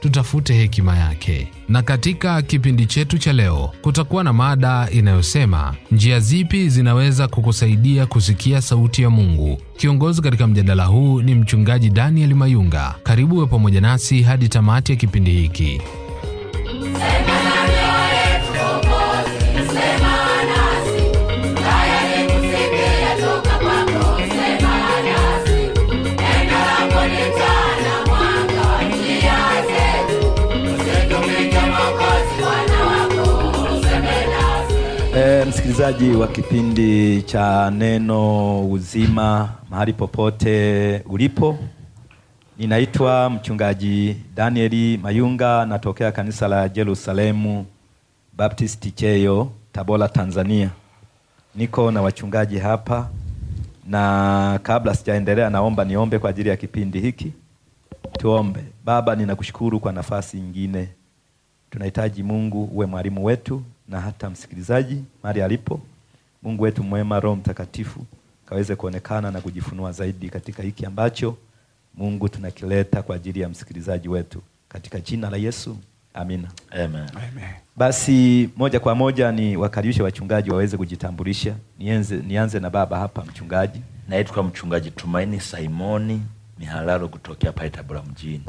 tutafute hekima yake. Na katika kipindi chetu cha leo kutakuwa na mada inayosema njia zipi zinaweza kukusaidia kusikia sauti ya Mungu. Kiongozi katika mjadala huu ni mchungaji Daniel Mayunga. Karibu we pamoja nasi hadi tamati ya kipindi hiki. msikilizaji wa kipindi cha Neno Uzima, mahali popote ulipo, ninaitwa mchungaji Danieli Mayunga, natokea kanisa la Jerusalemu Baptisti Cheyo, Tabora, Tanzania. Niko na wachungaji hapa, na kabla sijaendelea, naomba niombe kwa ajili ya kipindi hiki. Tuombe. Baba, ninakushukuru kwa nafasi nyingine. Tunahitaji Mungu uwe mwalimu wetu na hata msikilizaji mahali alipo. Mungu wetu mwema, Roho Mtakatifu kaweze kuonekana na kujifunua zaidi katika hiki ambacho Mungu tunakileta kwa ajili ya msikilizaji wetu katika jina la Yesu, amina. Amen. Amen. Basi moja kwa moja ni wakaribishe wachungaji waweze kujitambulisha. Nianze, nianze na baba hapa mchungaji. Naitwa mchungaji Tumaini Simoni Mihalalo kutokea pale Tabora mjini.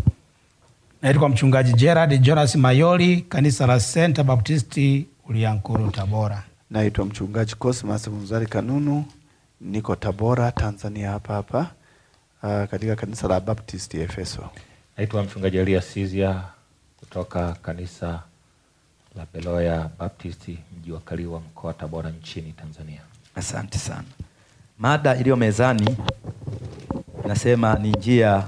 Naitwa mchungaji Gerard Jonas Mayoli, kanisa la Senta Baptisti Uliankuru, Tabora. Naitwa mchungaji Cosmas Munzari Kanunu, niko Tabora, Tanzania hapa hapa uh, katika kanisa la Baptist Efeso. Naitwa mchungaji Elia Sizia kutoka kanisa la Beloya Baptist mji wa Kaliwa mkoa wa Tabora nchini Tanzania. Asante sana. Mada iliyo mezani nasema ni njia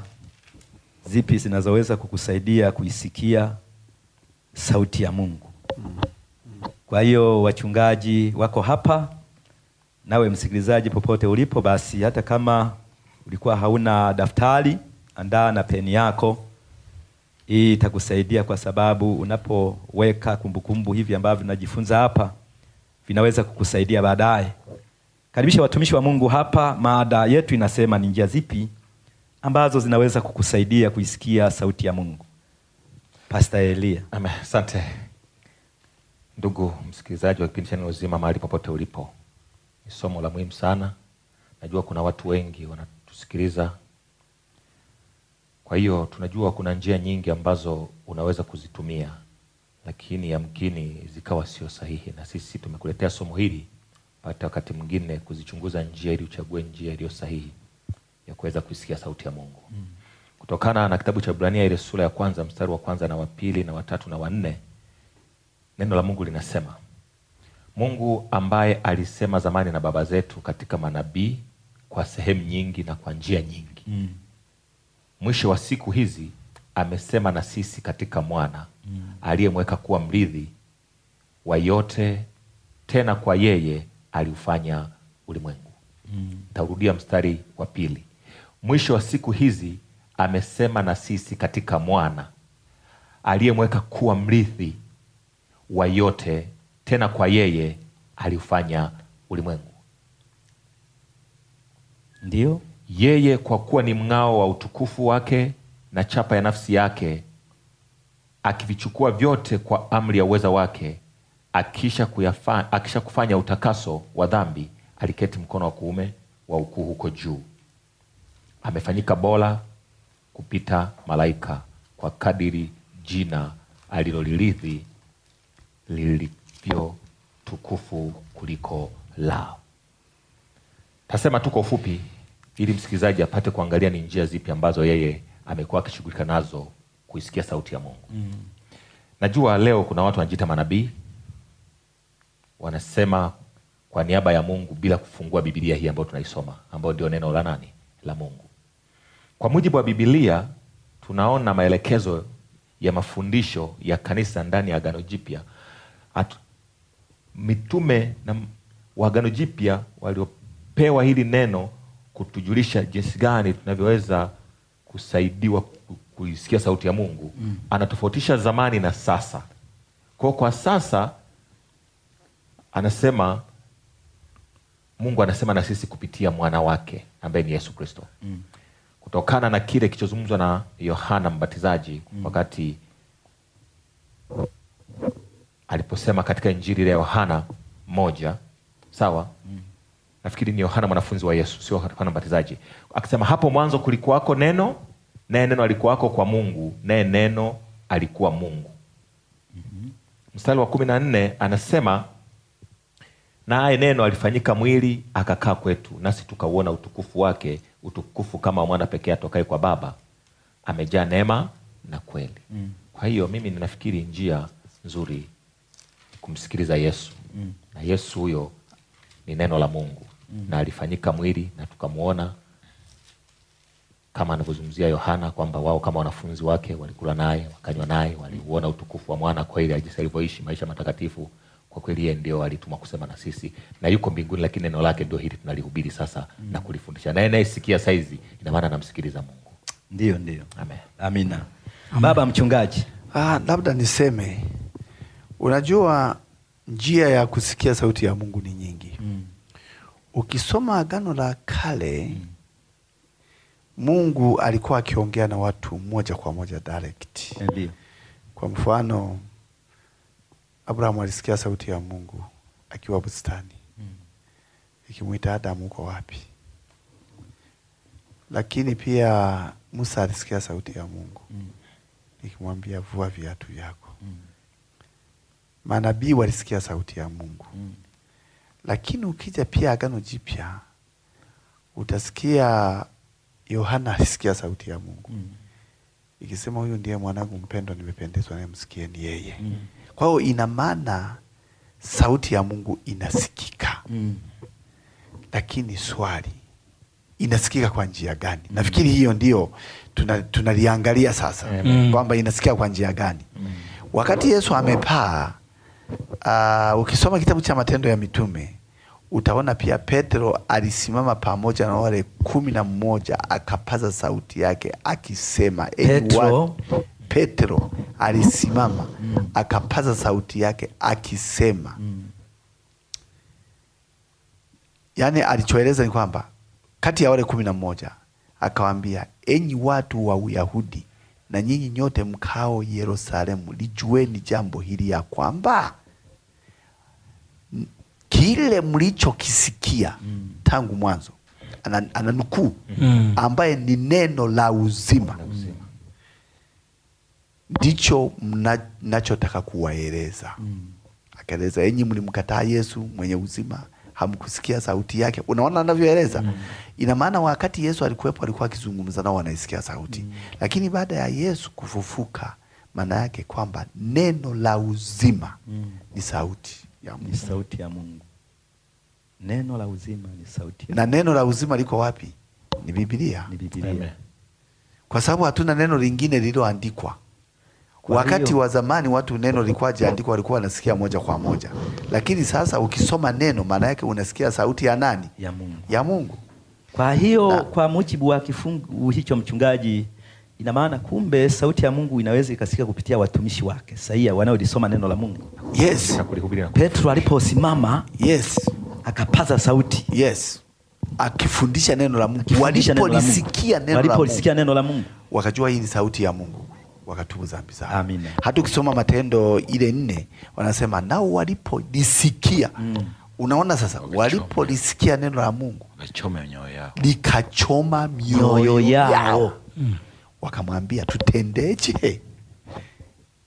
zipi zinazoweza kukusaidia kuisikia sauti ya Mungu. Kwa hiyo wachungaji wako hapa, nawe msikilizaji popote ulipo, basi hata kama ulikuwa hauna daftari, andaa na peni yako. Hii itakusaidia kwa sababu unapoweka kumbukumbu hivi ambavyo unajifunza hapa vinaweza kukusaidia baadaye. Karibisha watumishi wa Mungu hapa. Mada yetu inasema ni njia zipi ambazo zinaweza kukusaidia kuisikia sauti ya Mungu. Pastor Elia. Amen. Asante. Ndugu msikilizaji wa kipindi cha Neno Uzima, mahali popote ulipo, ni somo la muhimu sana. Najua kuna watu wengi wanatusikiliza, kwa hiyo tunajua kuna njia nyingi ambazo unaweza kuzitumia, lakini yamkini zikawa sio sahihi, na sisi tumekuletea somo hili pata wakati mwingine kuzichunguza njia ili uchague njia iliyo sahihi ya kuweza kuisikia sauti ya Mungu mm. Kutokana na kitabu cha Ibrania ile sura ya kwanza mstari wa kwanza na wa pili na wa tatu na wa wanne Neno la Mungu linasema Mungu ambaye alisema zamani na baba zetu katika manabii kwa sehemu nyingi na kwa njia nyingi mm. Mwisho wa siku hizi amesema na sisi katika mwana mm. aliyemweka kuwa mrithi wa yote, tena kwa yeye aliufanya ulimwengu. mm. mm. mstari wa pili. Mwisho wa siku hizi amesema na sisi katika mwana aliyemweka kuwa mrithi wa yote, tena kwa yeye aliufanya ulimwengu. Ndio yeye, kwa kuwa ni mng'ao wa utukufu wake na chapa ya nafsi yake, akivichukua vyote kwa amri ya uweza wake, akisha, kuyafa, akisha kufanya utakaso wa dhambi, aliketi mkono wa kuume wa ukuu huko juu. Amefanyika bora kupita malaika kwa kadiri jina alilolirithi lilivyo tukufu kuliko lao. Tasema tu kwa ufupi, ili msikilizaji apate kuangalia ni njia zipi ambazo yeye amekuwa akishughulika nazo kuisikia sauti ya Mungu. Mm. Najua leo kuna watu wanajiita manabii wanasema kwa niaba ya Mungu bila kufungua bibilia hii ambayo tunaisoma ambayo ndio neno la nani la Mungu. Kwa mujibu wa bibilia tunaona maelekezo ya mafundisho ya kanisa ndani ya gano Jipya atu, mitume na wagano Jipya waliopewa hili neno kutujulisha jinsi gani tunavyoweza kusaidiwa kuisikia sauti ya Mungu mm. Anatofautisha zamani na sasa. Kwa kwa sasa anasema Mungu anasema na sisi kupitia mwana wake ambaye ni Yesu Kristo mm. kutokana na kile kilichozungumzwa na Yohana Mbatizaji mm. wakati aliposema katika Injili ya Yohana moja, sawa mm. Nafikiri ni Yohana mwanafunzi wa Yesu, sio Yohana Mbatizaji, akisema hapo mwanzo kulikuwako neno, naye neno alikuwako kwa Mungu, naye neno alikuwa Mungu. mm -hmm. Mstari wa kumi na nne anasema naye neno alifanyika mwili akakaa kwetu, nasi tukauona utukufu wake, utukufu kama mwana pekee atokaye kwa Baba, amejaa neema na kweli. mm. Kwa hiyo mimi ninafikiri njia nzuri kumsikiliza Yesu mm. na Yesu huyo ni neno la Mungu mm. na alifanyika mwili na tukamwona kama anavyozungumzia Yohana kwamba wao kama wanafunzi wake walikula naye wakanywa naye, waliuona utukufu wa mwana kwa ile jinsi alivyoishi maisha matakatifu. Kwa kweli yeye ndio alituma kusema na sisi, na yuko mbinguni, lakini neno lake ndio hili tunalihubiri sasa mm. na kulifundisha, naye anayesikia saizi, ina maana anamsikiliza Mungu. Ndio, ndio. Amen. Amina. Amen. Baba mchungaji, ah, labda niseme Unajua njia ya kusikia sauti ya Mungu ni nyingi mm. Ukisoma Agano la Kale mm. Mungu alikuwa akiongea na watu moja kwa moja direct. Eh, Ndiyo. Kwa mfano Abrahamu alisikia sauti ya Mungu akiwa bustani mm. ikimwita Adamu, uko wapi? Lakini pia Musa alisikia sauti ya Mungu mm. ikimwambia vua viatu vyako mm manabii walisikia sauti ya Mungu mm. Lakini ukija pia Agano Jipya utasikia Yohana alisikia sauti ya Mungu mm. ikisema huyu ndiye mwanangu mpendwa, nimependezwa naye, msikieni yeye mm. Kwa hiyo ina maana sauti ya Mungu inasikika mm. Lakini swali inasikika kwa njia gani? mm. Nafikiri hiyo ndio tunaliangalia tuna sasa mm. kwamba inasikika kwa njia gani? mm. Wakati Yesu amepaa Uh, ukisoma kitabu cha Matendo ya Mitume utaona pia Petro alisimama pamoja na wale kumi na mmoja akapaza sauti yake akisema Petro, Petro alisimama mm. akapaza sauti yake akisema mm. Yaani, alichoeleza ni kwamba kati ya wale kumi na mmoja akawaambia, enyi watu wa Uyahudi na nyinyi nyote mkao Yerusalemu, lijueni jambo hili ya kwamba kile mlichokisikia mm. tangu mwanzo ananukuu mm. ambaye ni neno la uzima ndicho mm. mnachotaka kuwaeleza mm. akaeleza, enyi mlimkataa Yesu mwenye uzima, hamkusikia sauti yake. Unaona anavyoeleza mm. ina maana wakati Yesu alikuwepo alikuwa akizungumza nao, wanaisikia sauti mm. lakini baada ya Yesu kufufuka, maana yake kwamba neno la uzima mm. ni sauti ya Mungu, ni sauti ya Mungu Neno la uzima ni sauti. Na neno la uzima liko wapi? Ni Biblia. Ni Biblia. Amen. Kwa sababu hatuna neno lingine lililoandikwa. Wakati wa zamani watu neno lilikuwa jaandikwa, walikuwa wanasikia moja kwa moja, lakini sasa ukisoma neno, maana yake unasikia sauti ya nani? Ya Mungu, ya Mungu. Kwa hiyo na, kwa mujibu wa kifungu hicho mchungaji, ina maana kumbe sauti ya Mungu inaweza ikasikika kupitia watumishi wake sahia wanaolisoma neno la Mungu. Yes. Petro aliposimama yes akapaza sauti yes akifundisha neno la Mungu. Walipolisikia neno, walipolisikia neno la Mungu wakajua hii ni sauti ya Mungu, wakatubu dhambi zao. Amina. Hata ukisoma Matendo ile nne wanasema nao walipolisikia mm. Unaona sasa, walipolisikia neno la Mungu likachoma mioyo yao, yao. Mm. Wakamwambia tutendeje?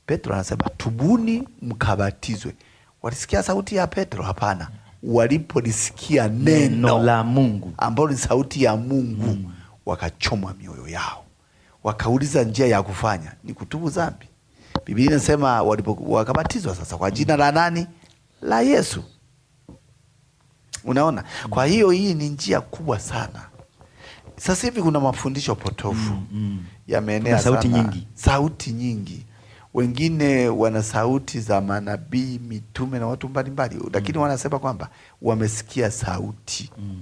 Petro anasema tubuni mkabatizwe. Walisikia sauti ya Petro? Hapana. mm walipolisikia neno, la Mungu ambalo ni sauti ya Mungu mm. wakachomwa mioyo yao, wakauliza njia ya kufanya ni kutubu dhambi. Biblia inasema wakabatizwa sasa kwa jina la nani? La Yesu. Unaona, kwa hiyo hii ni njia kubwa sana. Sasa hivi kuna mafundisho potofu mm, mm. yameenea sana, sauti nyingi, sauti nyingi wengine wana sauti za manabii, mitume na watu mbalimbali, lakini mm. wanasema kwamba wamesikia sauti mm.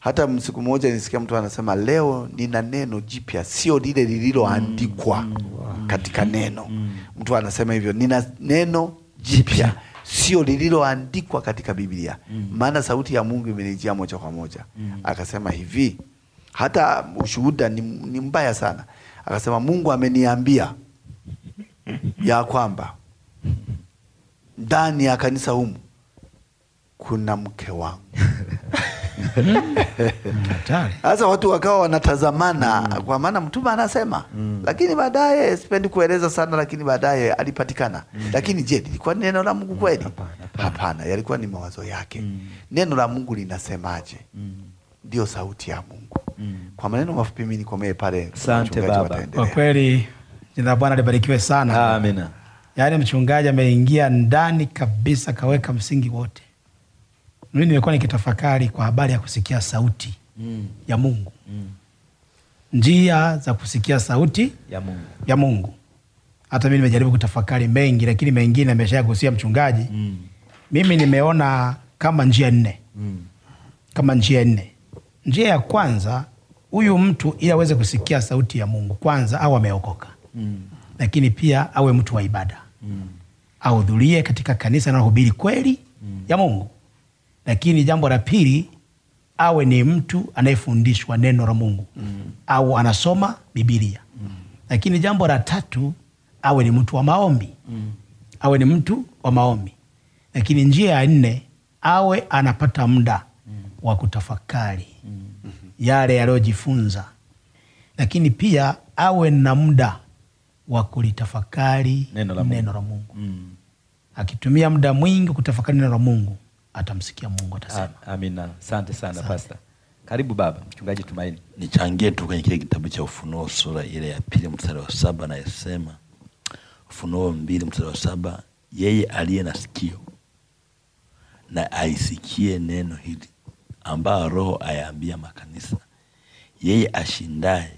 Hata siku moja nisikia mtu anasema leo nina neno jipya, sio lile lililoandikwa mm. mm. katika mm. neno mm. mtu anasema hivyo, nina neno jipya sio lililoandikwa katika Biblia mm. maana mm. sauti ya Mungu imenijia moja kwa moja mm. akasema hivi, hata ushuhuda ni, ni mbaya sana. Akasema Mungu ameniambia ya kwamba ndani ya kanisa humu kuna mke wangu. Sasa watu wakawa wanatazamana mm. kwa maana mtume anasema mm. lakini baadaye, sipendi kueleza sana, lakini baadaye alipatikana mm. lakini je, lilikuwa ni neno la Mungu kweli? mm. Hapana, yalikuwa ni mawazo yake mm. neno la Mungu linasemaje? Mm. Ndio mm. sauti ya Mungu mm. kwa maneno mafupi, mimi nikomee pale. Asante baba, kwa kweli Jina Bwana libarikiwe sana. Amina. Yaani mchungaji ameingia ndani kabisa, kaweka msingi wote. Mimi nimekuwa nikitafakari kwa habari ya kusikia sauti mm. ya Mungu mm. njia za kusikia sauti ya Mungu, ya Mungu. Hata mi nimejaribu kutafakari mengi, lakini mengine ameshaa kusia mchungaji mm. mimi nimeona kama njia nne mm. kama njia nne. Njia ya kwanza, huyu mtu ili aweze kusikia sauti ya Mungu kwanza au ameokoka mm. lakini pia awe mtu wa ibada mm. ahudhurie katika kanisa linalohubiri kweli mm. ya Mungu. Lakini jambo la pili, awe ni mtu anayefundishwa neno la Mungu mm. au anasoma Bibilia mm. lakini jambo la tatu, awe ni mtu wa maombi mm. awe ni mtu wa maombi. Lakini njia ya nne, awe anapata muda mm. wa kutafakari mm. yale yaliyojifunza, lakini pia awe na muda wa kulitafakari neno la Mungu, neno la Mungu. Mm. Akitumia muda mwingi kutafakari neno la Mungu atamsikia Mungu atasema. Amina. Asante sana pasta. Karibu baba mchungaji Tumaini. Nichangie tu kwenye kile kitabu cha Ufunuo sura ile ya pili mstari wa saba nayesema, Ufunuo mbili mstari wa saba yeye aliye na sikio na aisikie neno hili ambayo Roho ayaambia makanisa, yeye ashindaye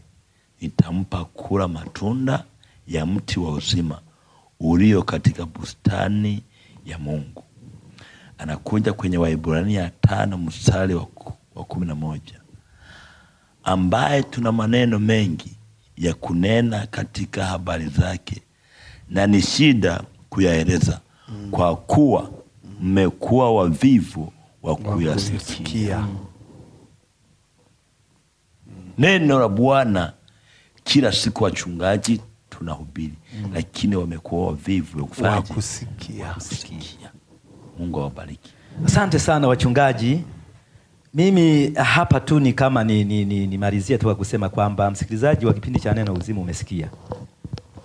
nitampa kula matunda ya mti wa uzima ulio katika bustani ya Mungu. Anakuja kwenye Waibrania tano mstari wa kumi na moja ambaye tuna maneno mengi ya kunena katika habari zake na ni shida kuyaeleza, mm. kwa kuwa mmekuwa wavivu wa kuyasikia. mm. Neno la Bwana kila siku, wachungaji tunahubiri mm. lakini wamekuwa wavivu wa kusikia. Mungu awabariki. Asante sana wachungaji. Mimi hapa tu ni kama nimalizie ni, ni, ni tu kwa kusema kwamba msikilizaji wa kipindi cha Neno Uzima umesikia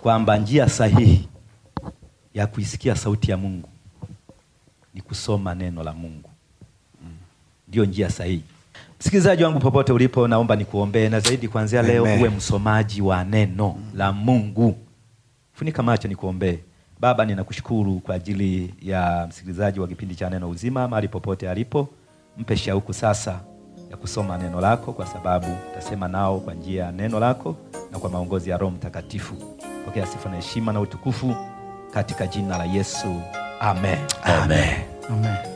kwamba njia sahihi ya kuisikia sauti ya Mungu ni kusoma neno la Mungu, ndiyo njia sahihi. Msikilizaji wangu popote ulipo, naomba nikuombee, na zaidi kuanzia leo uwe msomaji wa neno la Mungu. Funika macho nikuombee. Baba, ninakushukuru kwa ajili ya msikilizaji wa kipindi cha Neno Uzima, mahali popote alipo, mpe shauku sasa ya kusoma neno lako, kwa sababu tasema nao kwa njia ya neno lako na kwa maongozi ya Roho Mtakatifu. Pokea sifa na heshima na utukufu katika jina la Yesu, amen, amen. amen. amen.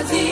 Brasil.